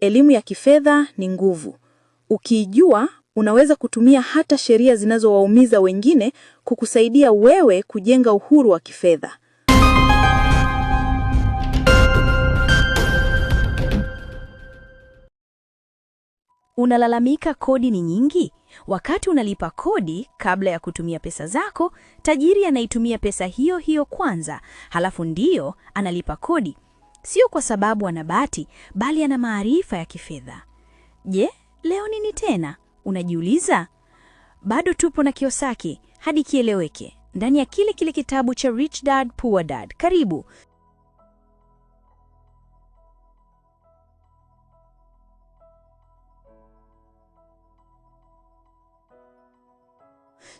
elimu ya kifedha ni nguvu. Ukiijua unaweza kutumia hata sheria zinazowaumiza wengine kukusaidia wewe kujenga uhuru wa kifedha. Unalalamika kodi ni nyingi? Wakati unalipa kodi kabla ya kutumia pesa zako, tajiri anaitumia pesa hiyo hiyo kwanza, halafu ndiyo analipa kodi sio kwa sababu ana bahati, bali ana maarifa ya kifedha. Je, leo nini tena? Unajiuliza? Bado tupo na Kiyosaki hadi kieleweke ndani ya kile kile kitabu cha Rich Dad Poor Dad. Karibu.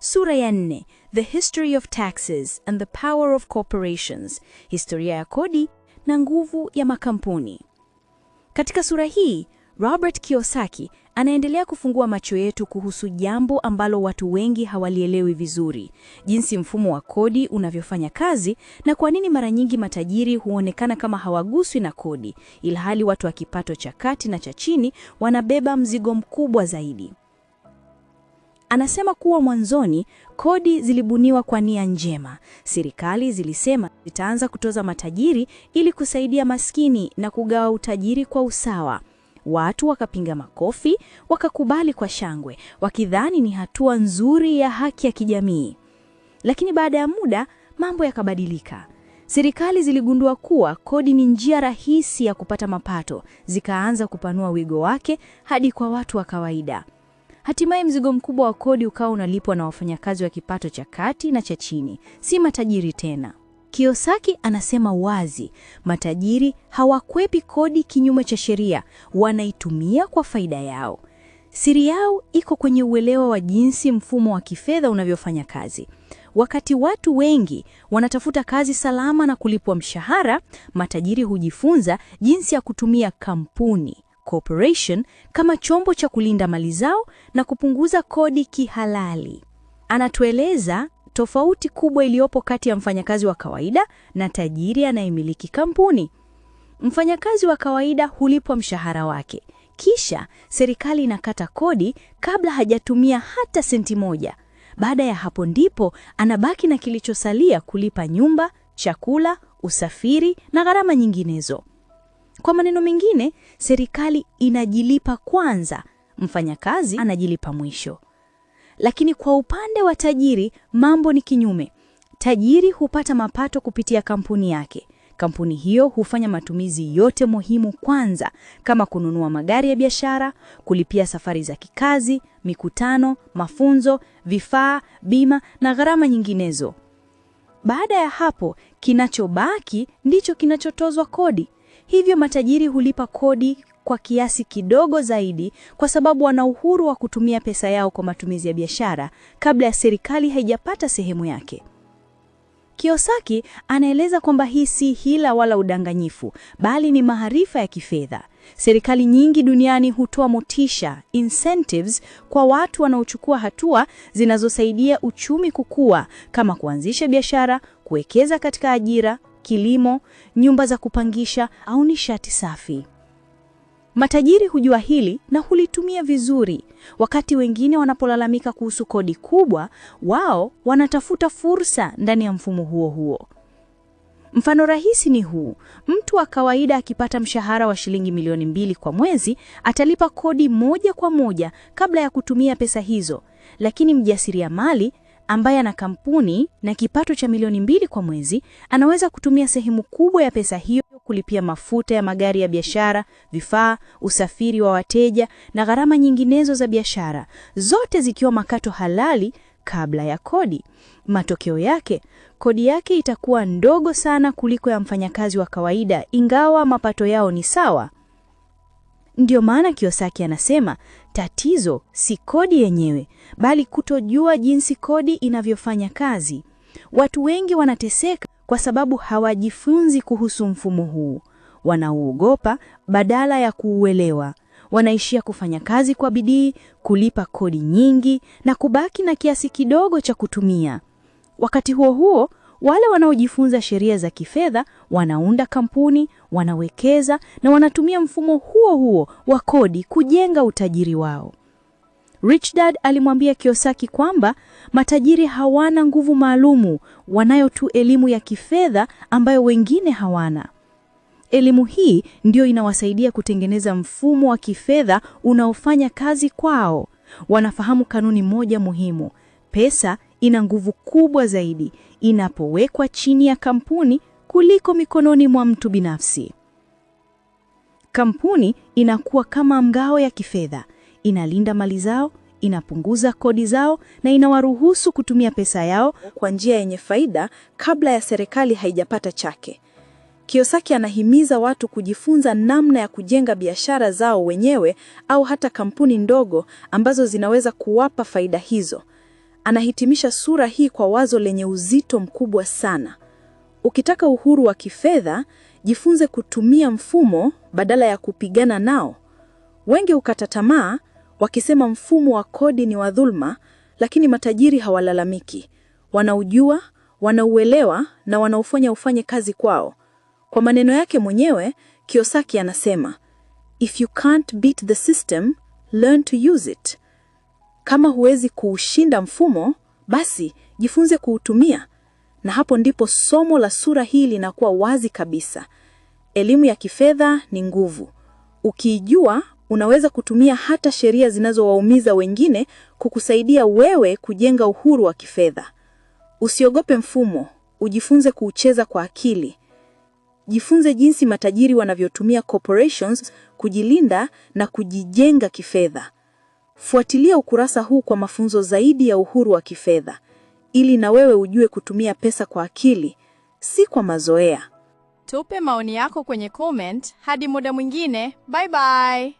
Sura ya nne, The History of Taxes and the Power of Corporations, historia ya kodi na nguvu ya makampuni. Katika sura hii, Robert Kiyosaki anaendelea kufungua macho yetu kuhusu jambo ambalo watu wengi hawalielewi vizuri, jinsi mfumo wa kodi unavyofanya kazi na kwa nini mara nyingi matajiri huonekana kama hawaguswi na kodi, ilhali watu wa kipato cha kati na cha chini wanabeba mzigo mkubwa zaidi. Anasema kuwa mwanzoni kodi zilibuniwa kwa nia njema. Serikali zilisema zitaanza kutoza matajiri ili kusaidia maskini na kugawa utajiri kwa usawa. Watu wakapinga makofi, wakakubali kwa shangwe, wakidhani ni hatua nzuri ya haki ya kijamii. Lakini baada ya muda mambo yakabadilika. Serikali ziligundua kuwa kodi ni njia rahisi ya kupata mapato, zikaanza kupanua wigo wake hadi kwa watu wa kawaida. Hatimaye mzigo mkubwa wa kodi ukawa unalipwa na wafanyakazi wa kipato cha kati na cha chini, si matajiri tena. Kiyosaki anasema wazi, matajiri hawakwepi kodi kinyume cha sheria, wanaitumia kwa faida yao. Siri yao iko kwenye uelewa wa jinsi mfumo wa kifedha unavyofanya kazi. Wakati watu wengi wanatafuta kazi salama na kulipwa mshahara, matajiri hujifunza jinsi ya kutumia kampuni Corporation kama chombo cha kulinda mali zao na kupunguza kodi kihalali. Anatueleza tofauti kubwa iliyopo kati ya mfanyakazi wa kawaida na tajiri anayemiliki kampuni. Mfanyakazi wa kawaida hulipwa mshahara wake, kisha serikali inakata kodi kabla hajatumia hata senti moja. Baada ya hapo ndipo anabaki na kilichosalia kulipa nyumba, chakula, usafiri na gharama nyinginezo. Kwa maneno mengine, serikali inajilipa kwanza, mfanyakazi anajilipa mwisho. Lakini kwa upande wa tajiri mambo ni kinyume. Tajiri hupata mapato kupitia kampuni yake. Kampuni hiyo hufanya matumizi yote muhimu kwanza, kama kununua magari ya biashara, kulipia safari za kikazi, mikutano, mafunzo, vifaa, bima na gharama nyinginezo. Baada ya hapo, kinachobaki ndicho kinachotozwa kodi. Hivyo matajiri hulipa kodi kwa kiasi kidogo zaidi kwa sababu wana uhuru wa kutumia pesa yao kwa matumizi ya biashara kabla ya serikali haijapata sehemu yake. Kiyosaki anaeleza kwamba hii si hila wala udanganyifu, bali ni maarifa ya kifedha. Serikali nyingi duniani hutoa motisha, incentives kwa watu wanaochukua hatua zinazosaidia uchumi kukua kama kuanzisha biashara, kuwekeza katika ajira kilimo, nyumba za kupangisha au nishati safi. Matajiri hujua hili na hulitumia vizuri. Wakati wengine wanapolalamika kuhusu kodi kubwa, wao wanatafuta fursa ndani ya mfumo huo huo. Mfano rahisi ni huu. Mtu wa kawaida akipata mshahara wa shilingi milioni mbili kwa mwezi atalipa kodi moja kwa moja kabla ya kutumia pesa hizo, lakini mjasiriamali ambaye ana kampuni na kipato cha milioni mbili kwa mwezi anaweza kutumia sehemu kubwa ya pesa hiyo kulipia mafuta ya magari ya biashara, vifaa, usafiri wa wateja na gharama nyinginezo za biashara, zote zikiwa makato halali kabla ya kodi. Matokeo yake, kodi yake itakuwa ndogo sana kuliko ya mfanyakazi wa kawaida, ingawa mapato yao ni sawa ndio maana Kiyosaki anasema tatizo si kodi yenyewe, bali kutojua jinsi kodi inavyofanya kazi. Watu wengi wanateseka kwa sababu hawajifunzi kuhusu mfumo huu, wanauogopa badala ya kuuelewa. Wanaishia kufanya kazi kwa bidii, kulipa kodi nyingi na kubaki na kiasi kidogo cha kutumia. Wakati huo huo, wale wanaojifunza sheria za kifedha wanaunda kampuni, wanawekeza na wanatumia mfumo huo huo wa kodi kujenga utajiri wao. Rich Dad alimwambia Kiyosaki kwamba matajiri hawana nguvu maalumu, wanayo tu elimu ya kifedha ambayo wengine hawana. Elimu hii ndiyo inawasaidia kutengeneza mfumo wa kifedha unaofanya kazi kwao. Wanafahamu kanuni moja muhimu: pesa ina nguvu kubwa zaidi inapowekwa chini ya kampuni kuliko mikononi mwa mtu binafsi. Kampuni inakuwa kama mgao ya kifedha, inalinda mali zao, inapunguza kodi zao na inawaruhusu kutumia pesa yao kwa njia yenye faida kabla ya serikali haijapata chake. Kiyosaki anahimiza watu kujifunza namna ya kujenga biashara zao wenyewe au hata kampuni ndogo ambazo zinaweza kuwapa faida hizo. Anahitimisha sura hii kwa wazo lenye uzito mkubwa sana. Ukitaka uhuru wa kifedha, jifunze kutumia mfumo badala ya kupigana nao. Wengi hukata tamaa wakisema mfumo wa kodi ni wa dhulma, lakini matajiri hawalalamiki. Wanaujua, wanauelewa na wanaufanya ufanye kazi kwao. Kwa maneno yake mwenyewe, Kiyosaki anasema, If you can't beat the system, learn to use it. Kama huwezi kuushinda mfumo, basi jifunze kuutumia na hapo ndipo somo la sura hii linakuwa wazi kabisa. Elimu ya kifedha ni nguvu. Ukiijua unaweza kutumia hata sheria zinazowaumiza wengine kukusaidia wewe kujenga uhuru wa kifedha. Usiogope mfumo, ujifunze kuucheza kwa akili. Jifunze jinsi matajiri wanavyotumia corporations kujilinda na kujijenga kifedha. Fuatilia ukurasa huu kwa mafunzo zaidi ya uhuru wa kifedha ili na wewe ujue kutumia pesa kwa akili, si kwa mazoea. Tupe maoni yako kwenye comment. Hadi muda mwingine, bye bye.